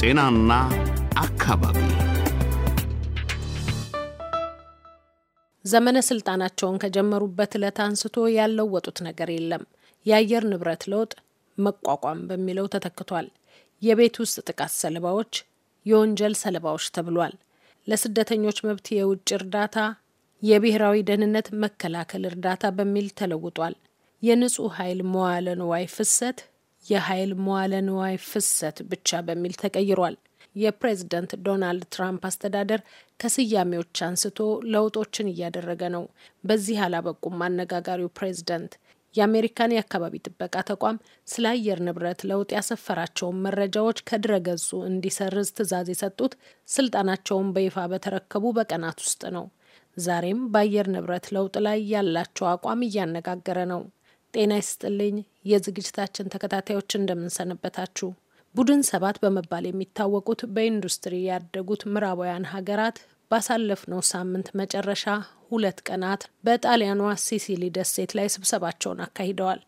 ጤናና አካባቢ ዘመነ ስልጣናቸውን ከጀመሩበት ዕለት አንስቶ ያለወጡት ነገር የለም። የአየር ንብረት ለውጥ መቋቋም በሚለው ተተክቷል። የቤት ውስጥ ጥቃት ሰለባዎች የወንጀል ሰለባዎች ተብሏል። ለስደተኞች መብት የውጭ እርዳታ፣ የብሔራዊ ደህንነት መከላከል እርዳታ በሚል ተለውጧል። የንጹህ ኃይል መዋለ ንዋይ ፍሰት የኃይል መዋለ ንዋይ ፍሰት ብቻ በሚል ተቀይሯል። የፕሬዝደንት ዶናልድ ትራምፕ አስተዳደር ከስያሜዎች አንስቶ ለውጦችን እያደረገ ነው። በዚህ አላበቁም አነጋጋሪው ፕሬዝደንት። የአሜሪካን የአካባቢ ጥበቃ ተቋም ስለ አየር ንብረት ለውጥ ያሰፈራቸውን መረጃዎች ከድረገጹ እንዲሰርዝ ትዕዛዝ የሰጡት ስልጣናቸውን በይፋ በተረከቡ በቀናት ውስጥ ነው። ዛሬም በአየር ንብረት ለውጥ ላይ ያላቸው አቋም እያነጋገረ ነው። ጤና ይስጥልኝ የዝግጅታችን ተከታታዮች እንደምንሰነበታችሁ። ቡድን ሰባት በመባል የሚታወቁት በኢንዱስትሪ ያደጉት ምዕራባውያን ሀገራት ባሳለፍነው ሳምንት መጨረሻ ሁለት ቀናት በጣሊያኗ ሲሲሊ ደሴት ላይ ስብሰባቸውን አካሂደዋል።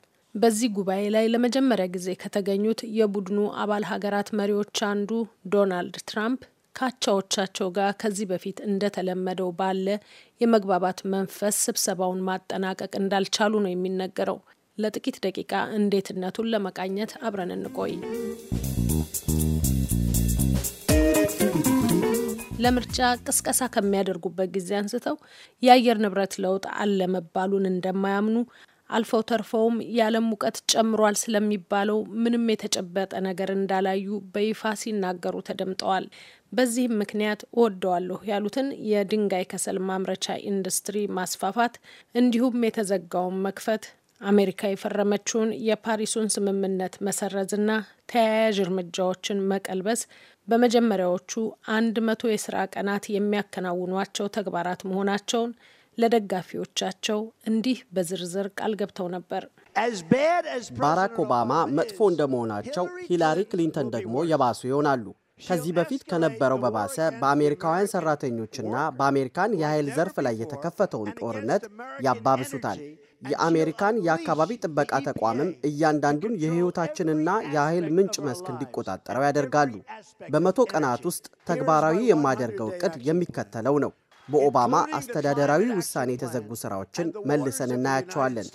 በዚህ ጉባኤ ላይ ለመጀመሪያ ጊዜ ከተገኙት የቡድኑ አባል ሀገራት መሪዎች አንዱ ዶናልድ ትራምፕ ካቻዎቻቸው ጋር ከዚህ በፊት እንደተለመደው ባለ የመግባባት መንፈስ ስብሰባውን ማጠናቀቅ እንዳልቻሉ ነው የሚነገረው። ለጥቂት ደቂቃ እንዴትነቱን ለመቃኘት አብረን እንቆይ። ለምርጫ ቅስቀሳ ከሚያደርጉበት ጊዜ አንስተው የአየር ንብረት ለውጥ አለ መባሉን እንደማያምኑ አልፈው ተርፈውም የዓለም ሙቀት ጨምሯል ስለሚባለው ምንም የተጨበጠ ነገር እንዳላዩ በይፋ ሲናገሩ ተደምጠዋል። በዚህም ምክንያት እወደዋለሁ ያሉትን የድንጋይ ከሰል ማምረቻ ኢንዱስትሪ ማስፋፋት እንዲሁም የተዘጋውን መክፈት አሜሪካ የፈረመችውን የፓሪሱን ስምምነት መሰረዝና ተያያዥ እርምጃዎችን መቀልበስ በመጀመሪያዎቹ አንድ መቶ የስራ ቀናት የሚያከናውኗቸው ተግባራት መሆናቸውን ለደጋፊዎቻቸው እንዲህ በዝርዝር ቃል ገብተው ነበር። ባራክ ኦባማ መጥፎ እንደመሆናቸው ሂላሪ ክሊንተን ደግሞ የባሱ ይሆናሉ። ከዚህ በፊት ከነበረው በባሰ በአሜሪካውያን ሰራተኞችና በአሜሪካን የኃይል ዘርፍ ላይ የተከፈተውን ጦርነት ያባብሱታል። የአሜሪካን የአካባቢ ጥበቃ ተቋምም እያንዳንዱን የሕይወታችንና የኃይል ምንጭ መስክ እንዲቆጣጠረው ያደርጋሉ። በመቶ ቀናት ውስጥ ተግባራዊ የማደርገው እቅድ የሚከተለው ነው። በኦባማ አስተዳደራዊ ውሳኔ የተዘጉ ስራዎችን መልሰን እናያቸዋለን።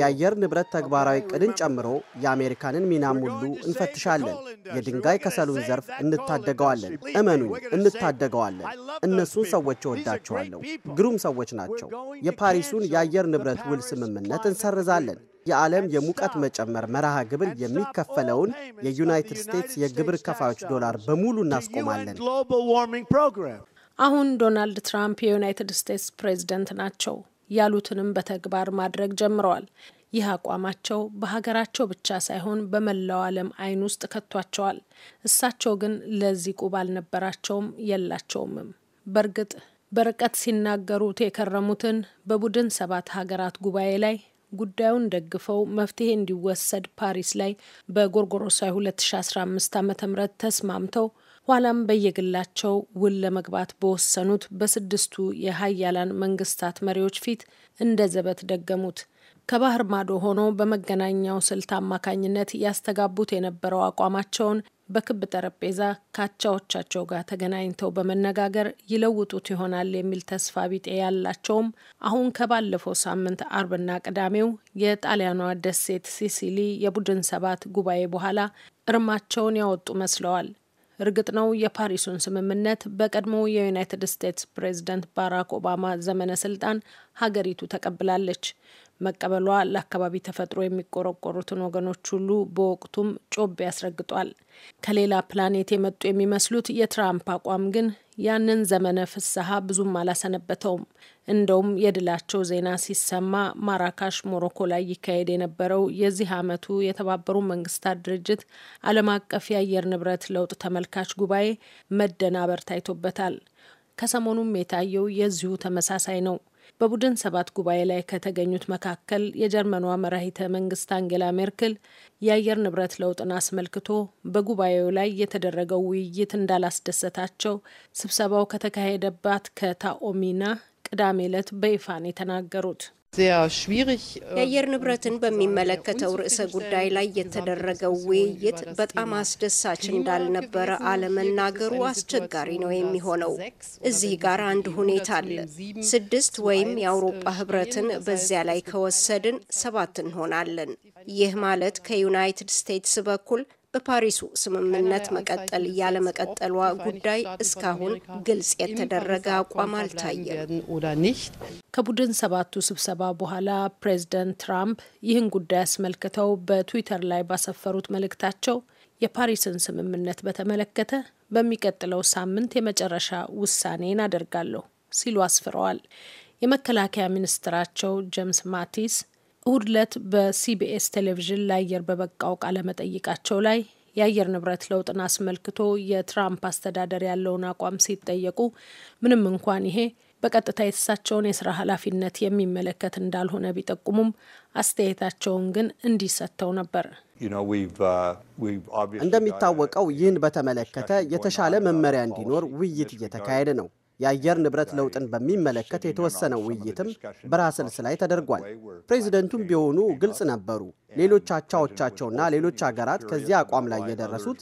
የአየር ንብረት ተግባራዊ ቅድን ጨምሮ የአሜሪካንን ሚናም ሁሉ እንፈትሻለን። የድንጋይ ከሰሉን ዘርፍ እንታደገዋለን። እመኑ እንታደገዋለን። እነሱን ሰዎች እወዳቸዋለሁ። ግሩም ሰዎች ናቸው። የፓሪሱን የአየር ንብረት ውል ስምምነት እንሰርዛለን። የዓለም የሙቀት መጨመር መርሃ ግብር የሚከፈለውን የዩናይትድ ስቴትስ የግብር ከፋዮች ዶላር በሙሉ እናስቆማለን። አሁን ዶናልድ ትራምፕ የዩናይትድ ስቴትስ ፕሬዝደንት ናቸው ያሉትንም በተግባር ማድረግ ጀምረዋል። ይህ አቋማቸው በሀገራቸው ብቻ ሳይሆን በመላው ዓለም አይን ውስጥ ከቷቸዋል። እሳቸው ግን ለዚህ ቁብ አልነበራቸውም የላቸውምም። በእርግጥ በርቀት ሲናገሩት የከረሙትን በቡድን ሰባት ሀገራት ጉባኤ ላይ ጉዳዩን ደግፈው መፍትሄ እንዲወሰድ ፓሪስ ላይ በጎርጎሮሳዊ 2015 ዓ ም ተስማምተው ኋላም በየግላቸው ውል ለመግባት በወሰኑት በስድስቱ የሀያላን መንግስታት መሪዎች ፊት እንደ ዘበት ደገሙት። ከባህር ማዶ ሆኖ በመገናኛው ስልት አማካኝነት ያስተጋቡት የነበረው አቋማቸውን በክብ ጠረጴዛ ካቻዎቻቸው ጋር ተገናኝተው በመነጋገር ይለውጡት ይሆናል የሚል ተስፋ ቢጤ ያላቸውም አሁን ከባለፈው ሳምንት አርብና ቅዳሜው የጣሊያኗ ደሴት ሲሲሊ የቡድን ሰባት ጉባኤ በኋላ እርማቸውን ያወጡ መስለዋል። እርግጥ ነው የፓሪሱን ስምምነት በቀድሞው የዩናይትድ ስቴትስ ፕሬዝደንት ባራክ ኦባማ ዘመነ ስልጣን ሀገሪቱ ተቀብላለች። መቀበሏ ለአካባቢ ተፈጥሮ የሚቆረቆሩትን ወገኖች ሁሉ በወቅቱም ጮቤ ያስረግጧል። ከሌላ ፕላኔት የመጡ የሚመስሉት የትራምፕ አቋም ግን ያንን ዘመነ ፍስሐ ብዙም አላሰነበተውም። እንደውም የድላቸው ዜና ሲሰማ ማራካሽ ሞሮኮ ላይ ይካሄድ የነበረው የዚህ ዓመቱ የተባበሩ መንግስታት ድርጅት ዓለም አቀፍ የአየር ንብረት ለውጥ ተመልካች ጉባኤ መደናበር ታይቶበታል። ከሰሞኑም የታየው የዚሁ ተመሳሳይ ነው። በቡድን ሰባት ጉባኤ ላይ ከተገኙት መካከል የጀርመኗ መራሂተ መንግስት አንጌላ ሜርክል የአየር ንብረት ለውጥን አስመልክቶ በጉባኤው ላይ የተደረገው ውይይት እንዳላስደሰታቸው ስብሰባው ከተካሄደባት ከታኦሚና ቅዳሜ ዕለት በይፋን የተናገሩት የአየር ንብረትን በሚመለከተው ርዕሰ ጉዳይ ላይ የተደረገው ውይይት በጣም አስደሳች እንዳልነበረ አለመናገሩ አስቸጋሪ ነው የሚሆነው። እዚህ ጋር አንድ ሁኔታ አለ። ስድስት ወይም የአውሮፓ ህብረትን በዚያ ላይ ከወሰድን ሰባት እንሆናለን። ይህ ማለት ከዩናይትድ ስቴትስ በኩል በፓሪሱ ስምምነት መቀጠል ያለመቀጠሏ ጉዳይ እስካሁን ግልጽ የተደረገ አቋም አልታየም። ከቡድን ሰባቱ ስብሰባ በኋላ ፕሬዝደንት ትራምፕ ይህን ጉዳይ አስመልክተው በትዊተር ላይ ባሰፈሩት መልእክታቸው የፓሪስን ስምምነት በተመለከተ በሚቀጥለው ሳምንት የመጨረሻ ውሳኔን አደርጋለሁ ሲሉ አስፍረዋል። የመከላከያ ሚኒስትራቸው ጄምስ ማቲስ እሁድ ዕለት በሲቢኤስ ቴሌቪዥን ለአየር በበቃው ቃለ መጠይቃቸው ላይ የአየር ንብረት ለውጥን አስመልክቶ የትራምፕ አስተዳደር ያለውን አቋም ሲጠየቁ ምንም እንኳን ይሄ በቀጥታ የተሳቸውን የስራ ኃላፊነት የሚመለከት እንዳልሆነ ቢጠቁሙም አስተያየታቸውን ግን እንዲሰጥተው ነበር። uh, እንደሚታወቀው ይህን በተመለከተ የተሻለ መመሪያ እንዲኖር ውይይት እየተካሄደ ነው። የአየር ንብረት ለውጥን በሚመለከት የተወሰነው ውይይትም ብራስልስ ላይ ተደርጓል። ፕሬዚደንቱም ቢሆኑ ግልጽ ነበሩ። ሌሎች አቻዎቻቸውና ሌሎች ሀገራት ከዚህ አቋም ላይ የደረሱት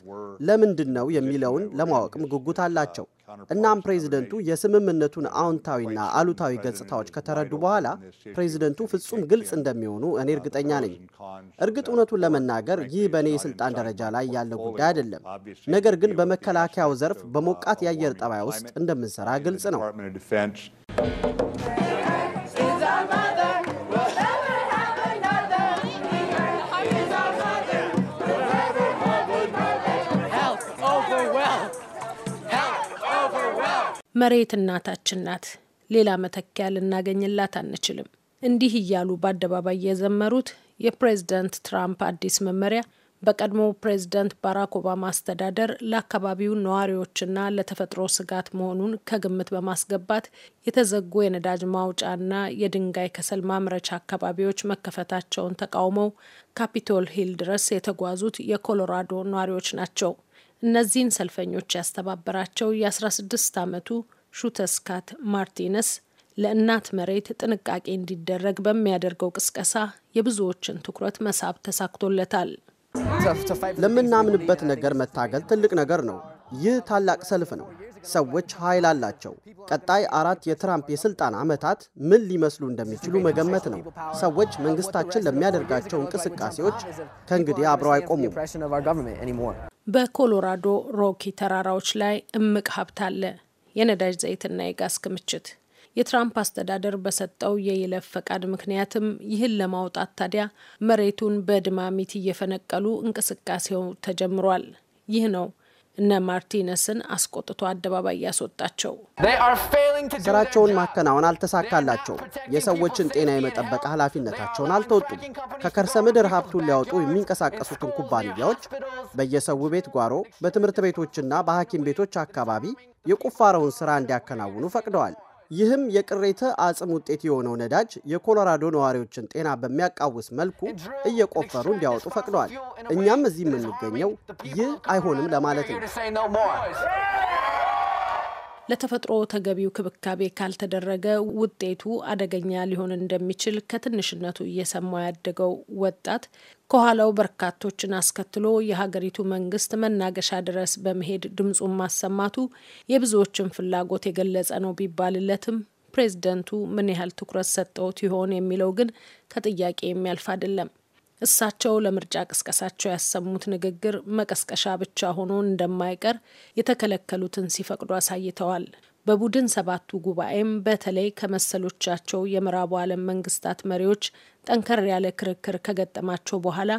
ለምንድን ነው የሚለውን ለማወቅም ጉጉት አላቸው። እናም ፕሬዚደንቱ የስምምነቱን አዎንታዊና አሉታዊ ገጽታዎች ከተረዱ በኋላ ፕሬዚደንቱ ፍጹም ግልጽ እንደሚሆኑ እኔ uh, እርግጠኛ ነኝ። uh, እርግጥ እውነቱን uh, ለመናገር ይህ በእኔ የስልጣን ደረጃ ላይ ያለ ጉዳይ አይደለም። ነገር ግን በመከላከያው ዘርፍ በሞቃት የአየር ጠባይ ውስጥ እንደምንሰራ ግልጽ ነው። መሬት እናታችን ናት፣ ሌላ መተኪያ ልናገኝላት አንችልም፣ እንዲህ እያሉ በአደባባይ የዘመሩት የፕሬዝደንት ትራምፕ አዲስ መመሪያ በቀድሞው ፕሬዝደንት ባራክ ኦባማ አስተዳደር ለአካባቢው ነዋሪዎችና ለተፈጥሮ ስጋት መሆኑን ከግምት በማስገባት የተዘጉ የነዳጅ ማውጫና የድንጋይ ከሰል ማምረቻ አካባቢዎች መከፈታቸውን ተቃውመው ካፒቶል ሂል ድረስ የተጓዙት የኮሎራዶ ነዋሪዎች ናቸው። እነዚህን ሰልፈኞች ያስተባበራቸው የ16 ዓመቱ ሹተስካት ማርቲነስ ለእናት መሬት ጥንቃቄ እንዲደረግ በሚያደርገው ቅስቀሳ የብዙዎችን ትኩረት መሳብ ተሳክቶለታል። ለምናምንበት ነገር መታገል ትልቅ ነገር ነው። ይህ ታላቅ ሰልፍ ነው። ሰዎች ኃይል አላቸው። ቀጣይ አራት የትራምፕ የስልጣን ዓመታት ምን ሊመስሉ እንደሚችሉ መገመት ነው። ሰዎች መንግስታችን ለሚያደርጋቸው እንቅስቃሴዎች ከእንግዲህ አብረው አይቆሙም። በኮሎራዶ ሮኪ ተራራዎች ላይ እምቅ ሀብት አለ፣ የነዳጅ ዘይትና የጋዝ ክምችት። የትራምፕ አስተዳደር በሰጠው የይለፍ ፈቃድ ምክንያትም ይህን ለማውጣት ታዲያ መሬቱን በድማሚት እየፈነቀሉ እንቅስቃሴው ተጀምሯል። ይህ ነው እነ ማርቲነስን አስቆጥቶ አደባባይ ያስወጣቸው። ስራቸውን ማከናወን አልተሳካላቸውም። የሰዎችን ጤና የመጠበቅ ኃላፊነታቸውን አልተወጡም። ከከርሰ ምድር ሀብቱን ሊያወጡ የሚንቀሳቀሱትን ኩባንያዎች በየሰው ቤት ጓሮ፣ በትምህርት ቤቶችና በሐኪም ቤቶች አካባቢ የቁፋረውን ስራ እንዲያከናውኑ ፈቅደዋል። ይህም የቅሬተ አጽም ውጤት የሆነው ነዳጅ የኮሎራዶ ነዋሪዎችን ጤና በሚያቃውስ መልኩ እየቆፈሩ እንዲያወጡ ፈቅደዋል። እኛም እዚህ የምንገኘው ይህ አይሆንም ለማለት ነው። ለተፈጥሮ ተገቢው ክብካቤ ካልተደረገ ውጤቱ አደገኛ ሊሆን እንደሚችል ከትንሽነቱ እየሰማው ያደገው ወጣት ከኋላው በርካቶችን አስከትሎ የሀገሪቱ መንግስት መናገሻ ድረስ በመሄድ ድምፁን ማሰማቱ የብዙዎችን ፍላጎት የገለጸ ነው ቢባልለትም ፕሬዝደንቱ ምን ያህል ትኩረት ሰጠውት ይሆን የሚለው ግን ከጥያቄ የሚያልፍ አይደለም። እሳቸው ለምርጫ ቅስቀሳቸው ያሰሙት ንግግር መቀስቀሻ ብቻ ሆኖ እንደማይቀር የተከለከሉትን ሲፈቅዱ አሳይተዋል። በቡድን ሰባቱ ጉባኤም በተለይ ከመሰሎቻቸው የምዕራቡ ዓለም መንግስታት መሪዎች ጠንከር ያለ ክርክር ከገጠማቸው በኋላ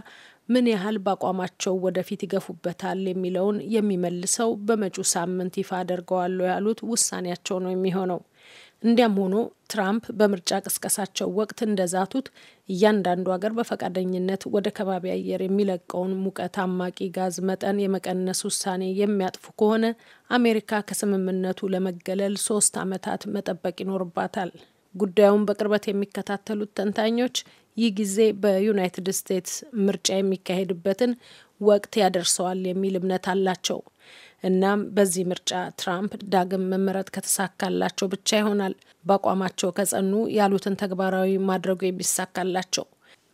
ምን ያህል በአቋማቸው ወደፊት ይገፉበታል የሚለውን የሚመልሰው በመጪው ሳምንት ይፋ አደርገዋለሁ ያሉት ውሳኔያቸው ነው የሚሆነው። እንዲያም ሆኖ ትራምፕ በምርጫ ቅስቀሳቸው ወቅት እንደዛቱት እያንዳንዱ ሀገር በፈቃደኝነት ወደ ከባቢ አየር የሚለቀውን ሙቀት አማቂ ጋዝ መጠን የመቀነስ ውሳኔ የሚያጥፉ ከሆነ አሜሪካ ከስምምነቱ ለመገለል ሶስት ዓመታት መጠበቅ ይኖርባታል። ጉዳዩን በቅርበት የሚከታተሉት ተንታኞች ይህ ጊዜ በዩናይትድ ስቴትስ ምርጫ የሚካሄድበትን ወቅት ያደርሰዋል የሚል እምነት አላቸው። እናም በዚህ ምርጫ ትራምፕ ዳግም መመረጥ ከተሳካላቸው ብቻ ይሆናል በአቋማቸው ከጸኑ ያሉትን ተግባራዊ ማድረጉ የሚሳካላቸው።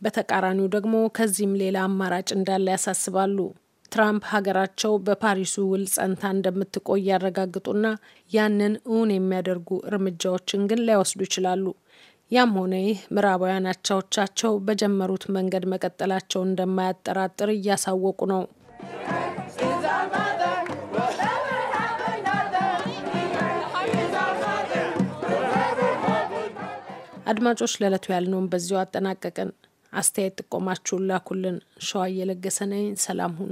በተቃራኒው ደግሞ ከዚህም ሌላ አማራጭ እንዳለ ያሳስባሉ። ትራምፕ ሀገራቸው በፓሪሱ ውል ጸንታ እንደምትቆይ ያረጋግጡና ያንን እውን የሚያደርጉ እርምጃዎችን ግን ላይወስዱ ይችላሉ። ያም ሆነ ይህ ምዕራባውያን አቻዎቻቸው በጀመሩት መንገድ መቀጠላቸው እንደማያጠራጥር እያሳወቁ ነው። አድማጮች ለዕለቱ ያልነውን በዚሁ አጠናቀቅን። አስተያየት ጥቆማችሁን ላኩልን። ሸዋ እየለገሰ ነኝ። ሰላም ሁኑ።